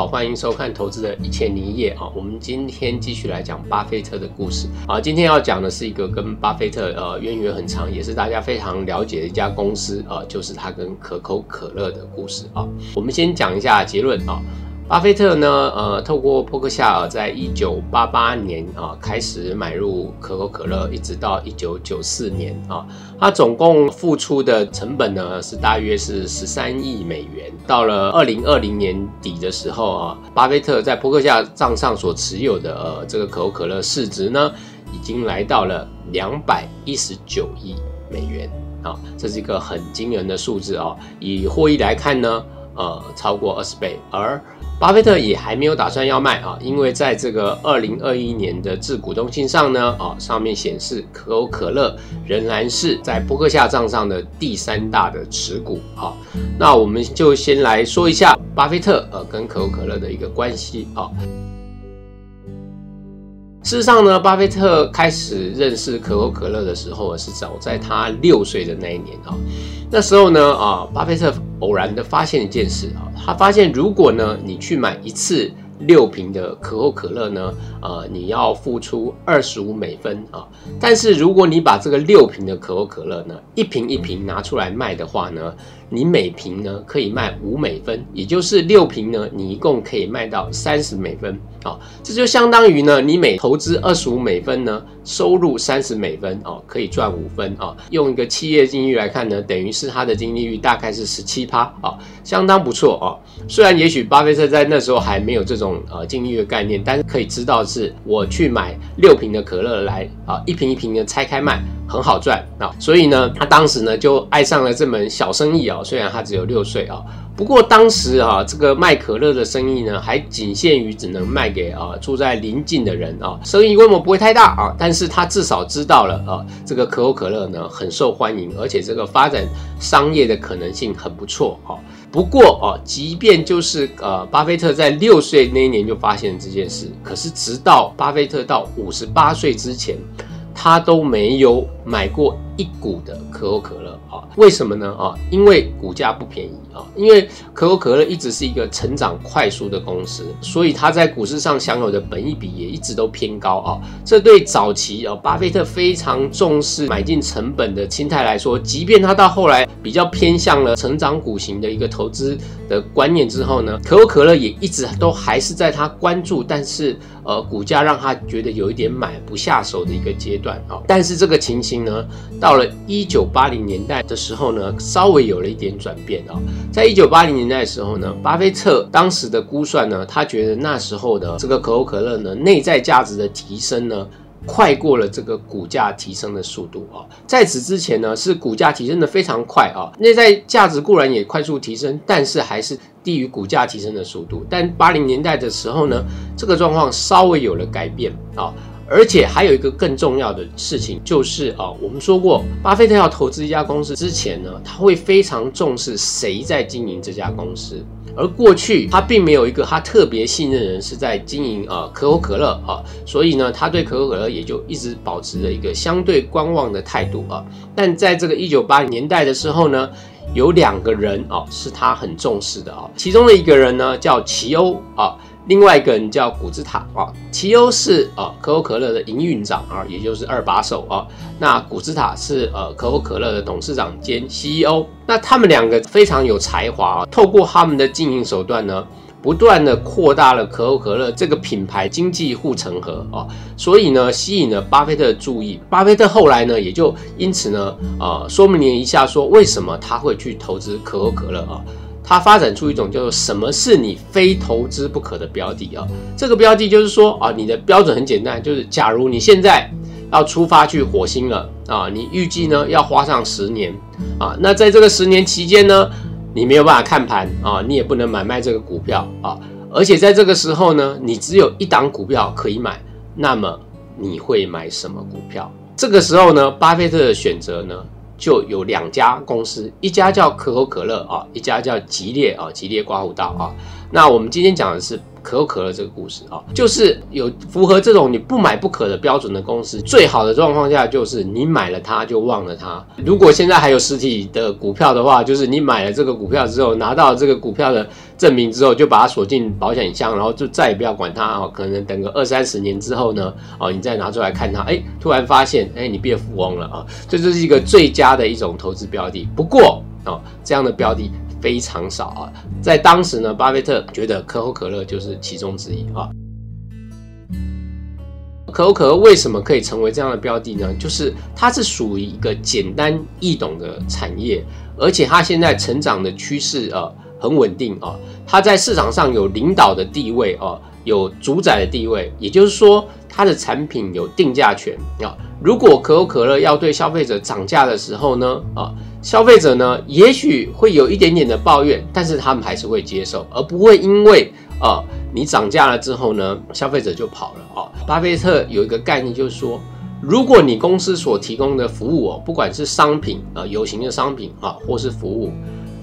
好，歡迎收看《投資的一千零一夜》啊，我們今天繼續來講巴菲特的故事啊。今天要講的是一個跟巴菲特呃淵源很長，也是大家非常了解的一家公司啊，就是他跟可口可樂的故事啊。我們先講一下結論啊。巴菲特呢，呃，透過波克夏爾，在一九八八年啊，呃，開始買入可口可樂，一直到一九九四年啊，他、呃、總共付出的成本呢，是大約是十三億美元。到了二零二零年底的時候啊，呃，巴菲特在波克夏賬上所持有的呃這個可口可樂市值呢，已經來到了兩百一十九億美元啊，呃，這是一個很驚人的數字啊、呃。以獲益來看呢，呃，超過二十倍，而巴菲特也還沒有打算要賣啊，因為在這個二零二一年的致股東信上呢，啊，上面顯示可口可樂仍然是在波克夏賬上的第三大的持股啊。那我們就先來說一下巴菲特呃、啊、跟可口可樂的一個關係啊。事實上呢，巴菲特開始認識可口可樂的時候是早在他六歲的那一年啊，那時候呢啊，巴菲特。偶然的發現一件事啊，他發現如果呢，你去買一次六瓶的可口可樂呢，呃，你要付出二十五美分啊。但是如果你把這個六瓶的可口可樂呢，一瓶一瓶拿出來賣的話呢，你每瓶呢可以賣五美分，也就是六瓶呢，你一共可以賣到三十美分啊，哦。這就相當於呢，你每投資二十五美分呢，收入三十美分哦，可以賺五分啊，哦。用一個企業淨利率來看呢，等於是它的淨利率大概是十七趴啊，相當不錯啊，哦。雖然也許巴菲特在那時候還沒有這種呃淨利率的概念，但是可以知道是，我去買六瓶的可樂來啊，哦，一瓶一瓶的拆開賣。很好賺啊，所以呢，他當時呢就愛上了這門小生意啊。雖然他只有六歲啊，不過當時啊，這個賣可樂的生意呢，還僅限於只能賣給啊住在鄰近的人啊，生意規模不會太大啊。但是他至少知道了啊，這個可口可樂呢很受歡迎，而且這個發展商業的可能性很不錯啊。不過哦、啊，即便就是呃、啊，巴菲特在六歲那一年就發現這件事，可是直到巴菲特到五十八歲之前，他都沒有買過一股的可口可樂啊，為什麼呢？啊，因為股價不便宜。啊，因為可口可樂一直是一個成長快速的公司，所以它在股市上享有的本益比也一直都偏高啊、哦。這對早期、哦、巴菲特非常重視買進成本的心態來說，即便他到後來比較偏向了成長股型的一個投資的觀念之後呢，可口可樂也一直都還是在他關注，但是呃，股價讓他覺得有一點買不下手的一個階段啊、哦。但是這個情形呢，到了一九八零年代的時候呢，稍微有了一點轉變啊、哦。在一九八零年代的時候呢，巴菲特當時的估算呢，他覺得那時候的這個可口可樂呢，內在價值的提升呢，快過了這個股價提升的速度啊。在此之前呢，是股價提升的非常快啊，內在價值固然也快速提升，但是還是低於股價提升的速度。但八零年代的時候呢，這個狀況稍微有了改變啊。而且還有一個更重要的事情，就是啊，我們說過，巴菲特要投資一家公司之前呢，他會非常重視誰在經營這家公司。而過去他並沒有一個他特別信任的人是在經營啊可口可樂啊，所以呢，他對可口可樂也就一直保持着一個相對觀望的態度啊。但在這個1980年代的時候呢，有兩個人啊，是他很重視的啊，其中的一個人呢叫奇歐啊。另外一個人叫古茲塔啊，奇歐是啊可口可樂的營運長啊，也就是二把手啊。那古茲塔是呃可口可樂的董事長兼 CEO。那他們兩個非常有才華，透過他們的經營手段呢，不斷地擴大了可口可樂這個品牌經濟護城河啊，所以呢吸引了巴菲特的注意。巴菲特後來呢也就因此呢，呃說明了一下說為什麼他會去投資可口可樂啊。它發展出一種叫做“什麼是你非投資不可的標的”啊，這個標的就是說啊，你的標準很簡單，就是假如你現在要出發去火星了啊，你預計呢要花上十年啊，那在這個十年期間呢，你沒有辦法看盤啊，你也不能買賣這個股票啊，而且在這個時候呢，你只有一檔股票可以買，那麼你會買什麼股票？這個時候呢，巴菲特的選擇呢？就有兩家公司，一家叫可口可樂啊，一家叫吉列啊，吉列刮鬍刀啊。那我們今天講的是。可口可樂這個故事啊，就是有符合這種你不買不可的標準的公司。最好的狀況下就是你買了它就忘了它。如果現在還有實體的股票的話，就是你買了這個股票之後，拿到這個股票的證明之後，就把它鎖進保險箱，然後就再也不要管它哦。可能等個二三十年之後呢，哦，你再拿出來看它，哎，突然發現，哎，你變富翁了啊！這就是一個最佳的一種投資標的。不過哦，這樣的標的。非常少啊，在當時呢，巴菲特覺得可口可樂就是其中之一啊。可口可樂為什麼可以成為這樣的標的呢？就是它是屬於一個簡單易懂的產業，而且它現在成長的趨勢啊，很穩定啊，它在市場上有領導的地位啊，有主宰的地位，也就是說。它的產品有定價權啊，如果可口可樂要對消費者漲價的時候呢，啊，消費者呢也許會有一點點的抱怨，但是他們還是會接受，而不會因為，啊，你漲價了之後呢，消費者就跑了啊。巴菲特有一個概念就是說，如果你公司所提供的服務哦，啊，不管是商品啊，有形的商品啊，或是服務，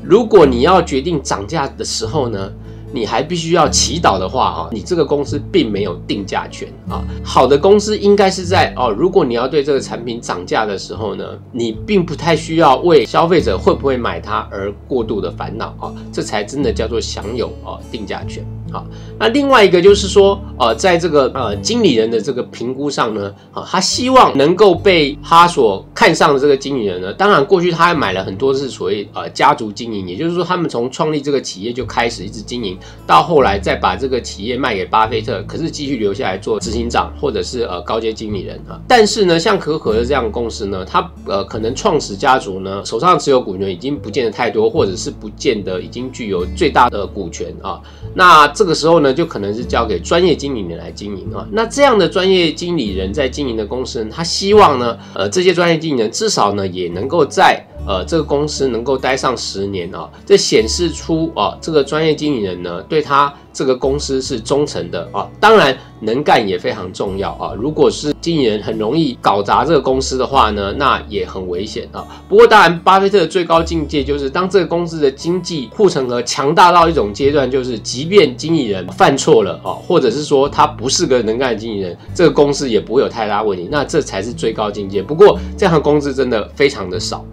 如果你要決定漲價的時候呢，你還必須要祈禱的話啊，你這個公司並沒有定價權啊。好的公司應該是在哦，如果你要對這個產品漲價的時候呢，你並不太需要為消費者會不會買它而過度的煩惱啊，這才真的叫做享有啊定價權。好，那另外一個就是說，呃，在這個呃經理人的這個評估上呢，啊、呃，他希望能夠被他所看上的這個經理人呢，當然過去他還買了很多是所謂呃家族經營，也就是說他們從創立這個企業就開始一直經營，到後來再把這個企業賣給巴菲特，可是繼續留下來做執行長或者是呃高階經理人。啊、呃。但是呢，像可可的這樣的公司呢，他呃可能創始家族呢手上持有股權已經不見得太多，或者是不見得已經具有最大的股權啊、呃，那。這個時候呢，就可能是交給專業經理人來經營啊。那這樣的專業經理人在經營的公司，他希望呢，呃，這些專業經理人至少呢，也能夠在。呃，這個公司能夠待上十年啊，這顯示出啊，這個專業經理人呢，對他這個公司是忠誠的啊。當然，能幹也非常重要啊。如果是經理人很容易搞砸這個公司的話呢，那也很危險啊。不過，當然，巴菲特的最高境界就是當這個公司的經濟護城河強大到一種階段，就是即便經理人犯錯了啊，或者是說他不是個能幹的經理人，這個公司也不會有太大問題。那這才是最高境界。不過，這樣的公司真的非常的少。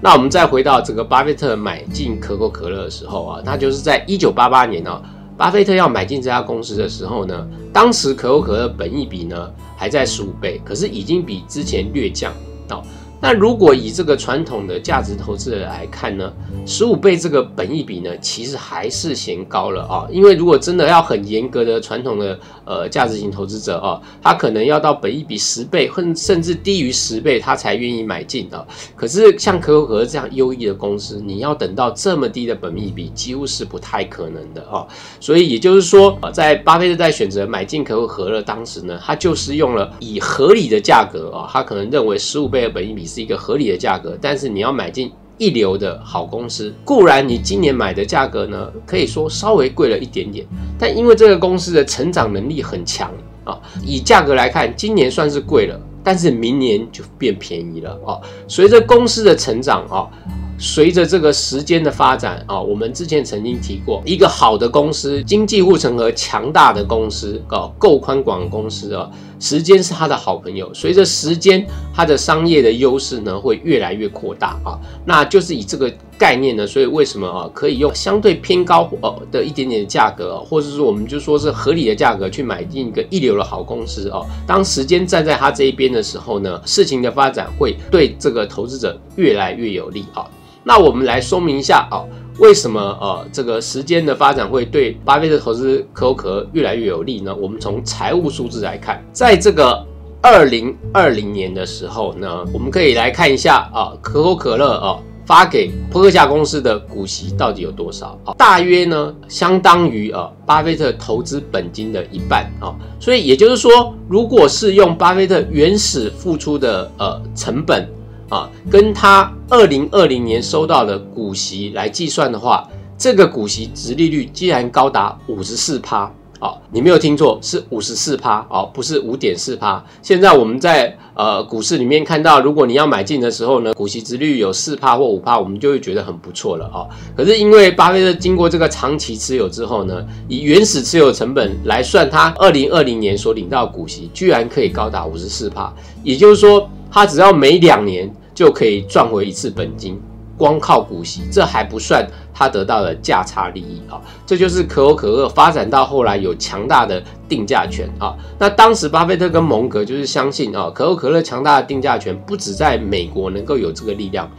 那我們再回到這個巴菲特買進可口可樂的時候啊，那就是在1988年呢，啊，巴菲特要買進這家公司的時候呢，當時可口可樂的本益比呢還在十五倍，可是已經比之前略降到。那如果以這個傳統的價值投資者來看呢，十五倍這個本益比呢，其實還是嫌高了啊。因為如果真的要很嚴格的傳統的呃價值型投資者啊，他可能要到本益比十倍，甚甚至低於十倍，他才願意買進啊。可是像可口可樂這樣優異的公司，你要等到這麼低的本益比，幾乎是不太可能的啊。所以也就是說，在巴菲特在選擇買進可口可樂當時呢，他就是用了以合理的價格啊，他可能認為十五倍的本益比，是一個合理的價格，但是你要買進一流的好公司。固然你今年買的價格呢，可以說稍微貴了一點點，但因為這個公司的成長能力很強啊，以價格來看，今年算是貴了，但是明年就變便宜了啊。隨着公司的成長啊。隨着這個時間的發展啊，我們之前曾經提過，一個好的公司、經濟護城河強大的公司搞夠寬廣的公司啊，時間是他的好朋友。隨着時間，它的商業的優勢呢會越來越擴大啊。那就是以這個概念呢，所以為什麼啊可以用相對偏高呃的一點點的價格，啊，或者是我們就說是合理的價格去買進一個一流的好公司哦，啊。當時間站在他這一邊的時候呢，事情的發展會對這個投資者越來越有利啊。那我們來說明一下啊，為什麼呃、啊、這個時間的發展會對巴菲特投資可口可樂越來越有利呢？我們從財務數字來看，在這個二零二零年的時候呢，我們可以來看一下啊，可口可樂啊發給波克夏公司的股息到底有多少啊？大約呢相當於呃、啊、巴菲特投資本金的一半啊，所以也就是說，如果是用巴菲特原始付出的呃成本。啊，跟他二零二零年收到的股息來計算的話，這個股息殖利率居然高達五十四趴。哦，你沒有聽錯，是五十四趴，哦，不是五點四趴。現在我們在呃股市裡面看到，如果你要買進的時候呢，股息殖率有四趴或五趴，我們就會覺得很不錯了。哦、啊，可是因為巴菲特經過這個長期持有之後呢，以原始持有成本來算，他二零二零年所領到股息居然可以高達五十四趴，也就是說，他只要每兩年就可以賺回一次本金，光靠股息，這還不算他得到的價差利益啊、哦！這就是可口可樂發展到後來有強大的定價權啊、哦。那當時巴菲特跟蒙格就是相信啊、哦，可口可樂強大的定價權不止在美國能夠有這個力量。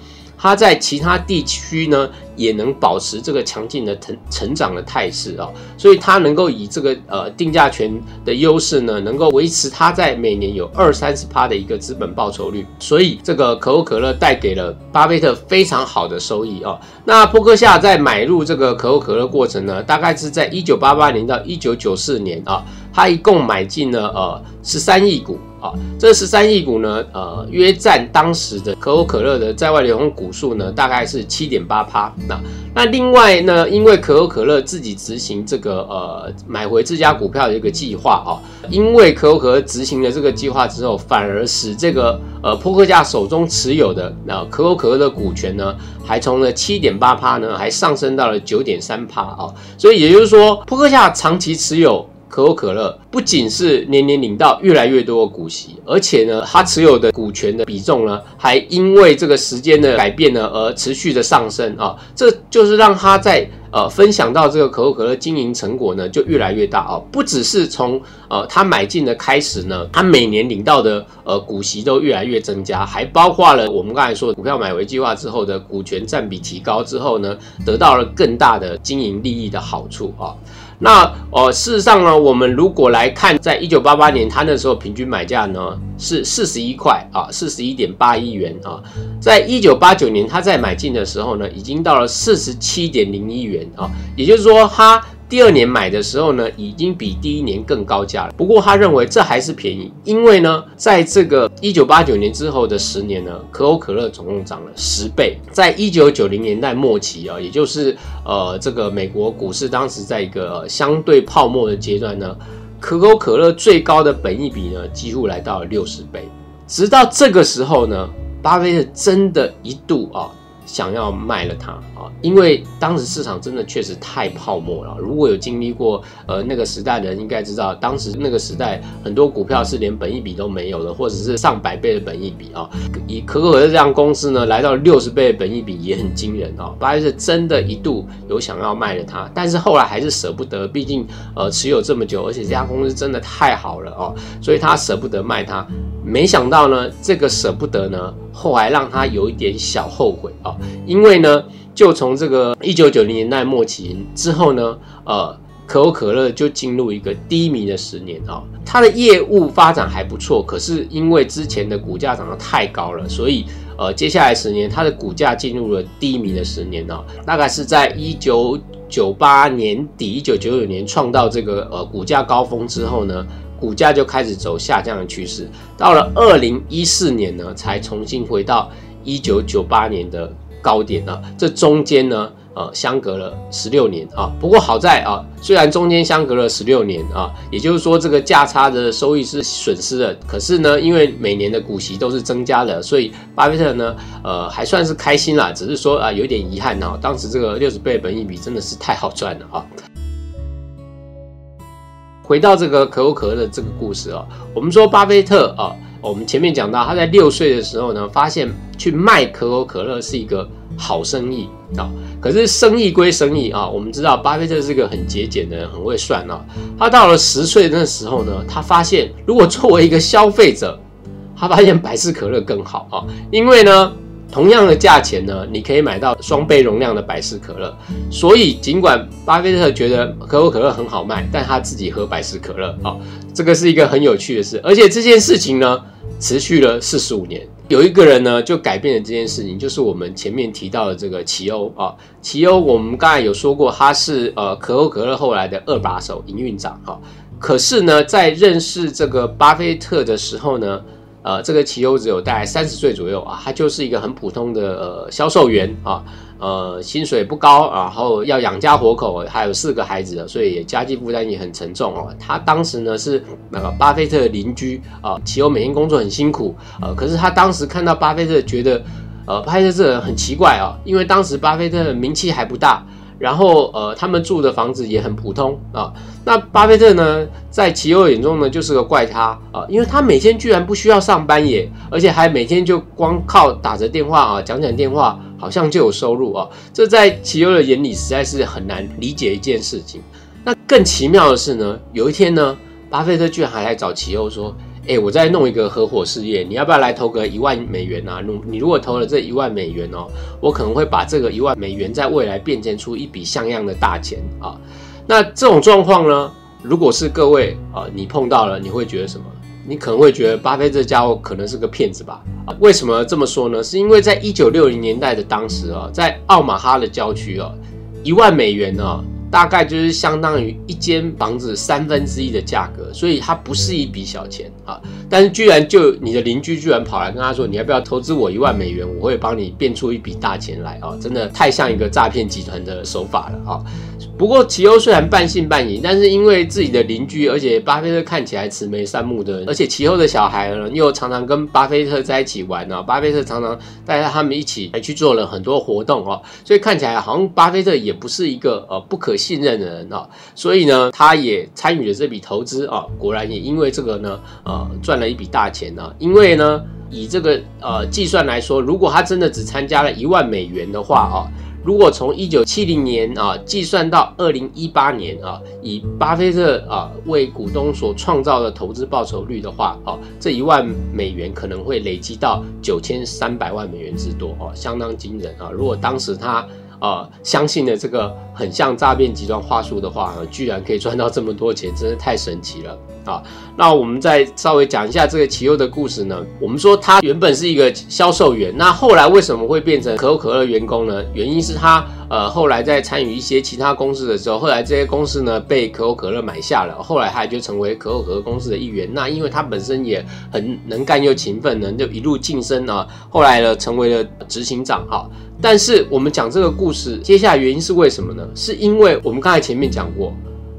它在其他地區呢，也能保持這個強勁的成成長的態勢啊，所以它能夠以這個呃定價權的優勢呢，能夠維持它在每年有二三十趴的一個資本報酬率，所以這個可口可樂帶給了巴菲特非常好的收益啊。那波克夏在買入這個可口可樂過程呢，大概是在一九八八年到一九九四年啊，他一共買進了呃十三億股。啊，這十三億股呢，呃，約占當時的可口可樂的在外流通股數呢，大概是七點八趴。那那另外呢，因為可口可樂自己執行這個呃買回自家股票的一個計劃啊，因為可口可樂執行了這個計劃之後，反而使這個呃波克夏手中持有的那、啊、可口可樂的股權呢，還從了七點八趴呢，還上升到了九點三趴啊。所以也就是說，波克夏長期持有。可口可樂不僅是年年領到越來越多的股息，而且呢，他持有的股權的比重呢，還因為這個時間的改變呢，而持續的上升啊、哦。這就是讓他在呃分享到這個可口可樂經營成果呢，就越來越大啊、哦。不只是從呃他買進的開始呢，他每年領到的呃股息都越來越增加，還包括了我們剛才說股票買回計劃之後的股權占比提高之後呢，得到了更大的經營利益的好處啊。哦那哦、呃，事實上呢，我們如果來看，在一九八八年，他那時候平均買價呢是四十一塊啊，四十一點八一元啊，在一九八九年，他在買進的時候呢，已經到了四十七點零一元啊，也就是說他。第二年買的時候呢，已經比第一年更高價了。不過他認為這還是便宜，因為呢，在這個一九八九年之後的十年呢，可口可樂總共漲了十倍。在一九九零年代末期啊，也就是呃，這個美國股市當時在一個相對泡沫的階段呢，可口可樂最高的本益比呢，幾乎來到了六十倍。直到這個時候呢，巴菲特真的一度啊，想要賣了它啊、哦，因為當時市場真的確實太泡沫了。如果有經歷過呃那個時代的人，應該知道當時那個時代很多股票是連本益比都沒有的，或者是上百倍的本益比啊。以可口可樂這樣公司呢，來到六十倍的本益比也很驚人啊。巴菲特真的一度有想要賣了它，但是後來還是捨不得，畢竟呃持有這麼久，而且這家公司真的太好了啊、哦，所以他捨不得賣它。沒想到呢，這個捨不得呢。後來讓他有一點小後悔啊、哦，因為呢，就從這個一九九零年代末期之後呢，呃，可口可樂就進入一個低迷的十年啊。它、哦、的業務發展還不錯，可是因為之前的股價漲得太高了，所以呃，接下來十年它的股價進入了低迷的十年啊、哦。大概是在一九九八年底、一九九九年創造這個呃股價高峰之後呢。股價就開始走下降的趨勢，到了二零一四年呢，才重新回到一九九八年的高點啊，這中間呢，呃，相隔了十六年啊。不過好在啊，雖然中間相隔了十六年啊，也就是說這個價差的收益是損失了，可是呢，因為每年的股息都是增加的，所以巴菲特呢，呃，還算是開心啦。只是說啊，有點遺憾啊。當時這個六十倍本益比真的是太好賺了啊。回到這個可口可樂的這個故事啊，我們說巴菲特啊，我們前面講到他在六歲的時候呢，發現去賣可口可樂是一個好生意啊。可是生意歸生意啊，我們知道巴菲特是一個很節儉的人，很會算啊。他到了十歲那時候呢，他發現如果作為一個消費者，他發現百事可樂更好啊，因為呢。同樣的價錢呢，你可以買到雙倍容量的百事可樂。所以，儘管巴菲特覺得可口可樂很好賣，但他自己喝百事可樂。啊、哦，這個是一個很有趣的事。而且這件事情呢，持續了四十五年。有一個人呢，就改變了這件事情，就是我們前面提到的這個奇歐啊。奇歐、哦，我們剛才有說過，他是呃可口可樂後來的二把手營運長。哈、哦，可是呢，在認識這個巴菲特的時候呢。呃，這個奇歐只有大概三十歲左右啊，他就是一個很普通的呃銷售員啊，呃，薪水不高，然後要養家活口，還有四個孩子，啊、所以也家境負擔也很沉重哦、啊。他當時呢是那個、呃、巴菲特的鄰居啊，奇歐每天工作很辛苦，呃、啊，可是他當時看到巴菲特，覺得呃，巴菲特這個人很奇怪啊，因為當時巴菲特的名氣還不大。然後，呃，他們住的房子也很普通啊。那巴菲特呢，在奇歐眼中呢，就是個怪咖啊，因為他每天居然不需要上班耶，而且還每天就光靠打着電話啊，講講電話，好像就有收入啊。這在奇歐的眼裡，實在是很難理解一件事情。那更奇妙的是呢，有一天呢，巴菲特居然還來找奇歐說。哎，我再弄一個合夥事業，你要不要來投個一萬美元啊？你如果投了這一萬美元哦，我可能會把這個一萬美元在未來變成出一筆像樣的大錢啊。那這種狀況呢，如果是各位啊，你碰到了，你會覺得什麼？你可能會覺得巴菲特這家伙可能是個騙子吧、啊？為什麼這麼說呢？是因為在一九六零年代的當時啊，在奧馬哈的郊區哦、啊，一萬美元呢，啊。大概就是相當於一間房子三分之一的價格，所以它不是一筆小錢啊。但是居然就你的鄰居居然跑來跟他說，你要不要投資我一萬美元？我會幫你變出一筆大錢來啊！真的太像一個詐騙集團的手法了啊！不過，其後雖然半信半疑，但是因為自己的鄰居，而且巴菲特看起來慈眉善目的，而且其後的小孩呢，又常常跟巴菲特在一起玩，巴菲特常常帶着他們一起還去做了很多活動，所以看起來好像巴菲特也不是一個呃不可信任的人，所以呢，他也參與了這筆投資，果然也因為這個呢，呃，賺了一筆大錢呢，因為呢，以這個呃計算來說，如果他真的只參加了一萬美元的話如果從一九七零年啊計算到二零一八年啊，以巴菲特啊為股東所創造的投資報酬率的話，啊，這一萬美元可能會累積到九千三百萬美元之多，啊，哈，相當驚人啊！如果當時他啊、呃，相信的這個很像詐騙集團話術的話，的話，啊，居然可以賺到這麼多錢，真是太神奇了啊！那我們再稍微講一下這個奇優的故事呢。我們說他原本是一個銷售員，那後來為什麼會變成可口可樂員工呢？原因是他。呃，後來在參與一些其他公司的時候，後來這些公司呢被可口可樂買下了，後來他就成為可口可樂公司的一員。那因為他本身也很能幹又勤奮呢，就一路晉升啊。後來呢，成為了執行長啊。但是我們講這個故事，接下來原因是為什麼呢？是因為我們剛才前面講過，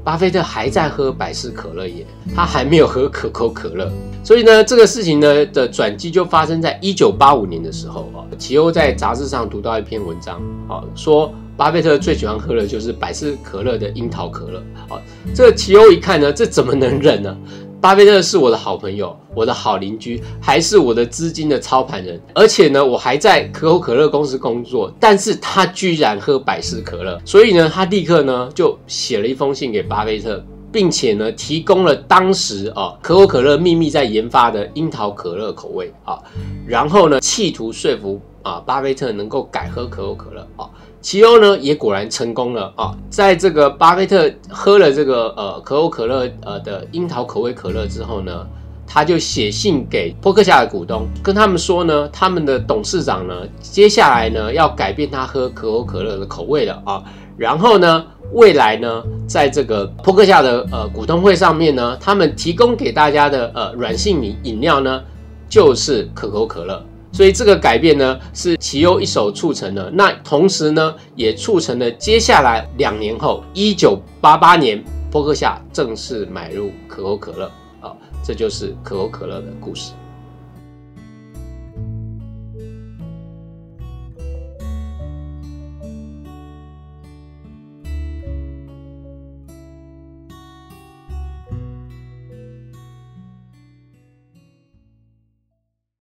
巴菲特還在喝百事可樂耶，他還沒有喝可口可樂。所以呢，這個事情呢的轉機就發生在一九八五年的時候啊。其歐在雜誌上讀到一篇文章啊，說。巴菲特最喜歡喝的就是百事可樂的櫻桃可樂。好、哦，這個奇歐一看呢，這怎麼能忍呢？巴菲特是我的好朋友，我的好鄰居，還是我的資金的操盤人。而且呢，我還在可口可樂公司工作，但是他居然喝百事可樂，所以呢，他立刻呢就寫了一封信給巴菲特，並且呢提供了當時啊、哦、可口可樂秘密在研發的櫻桃可樂口味啊、哦，然後呢，企圖說服啊、哦、巴菲特能夠改喝可口可樂啊。哦其中呢，也果然成功了啊！在這個巴菲特喝了這個呃可口可樂呃的櫻桃口味可樂之後呢，他就寫信給波克夏的股東，跟他們說呢，他們的董事長呢，接下來呢要改變他喝可口可樂的口味了啊！然後呢，未來呢，在這個波克夏的呃股東會上面呢，他們提供給大家的呃軟性飲飲料呢，就是可口可樂。所以這個改變呢，是奇優一手促成的，那同時呢，也促成了接下來兩年後，一九八八年，波克夏正式買入可口可樂。啊、哦，這就是可口可樂的故事。